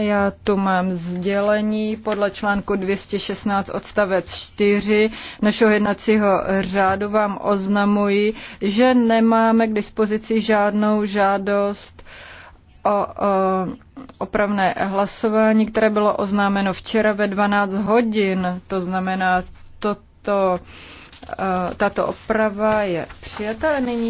Já tu mám sdělení podle článku 216 odstavec 4 našeho jednacího řádu vám oznamuji, že nemáme k dispozici žádnou žádost o, o opravné hlasování, které bylo oznámeno včera ve 12 hodin. To znamená, toto, eh, tato oprava je přijata. Nyní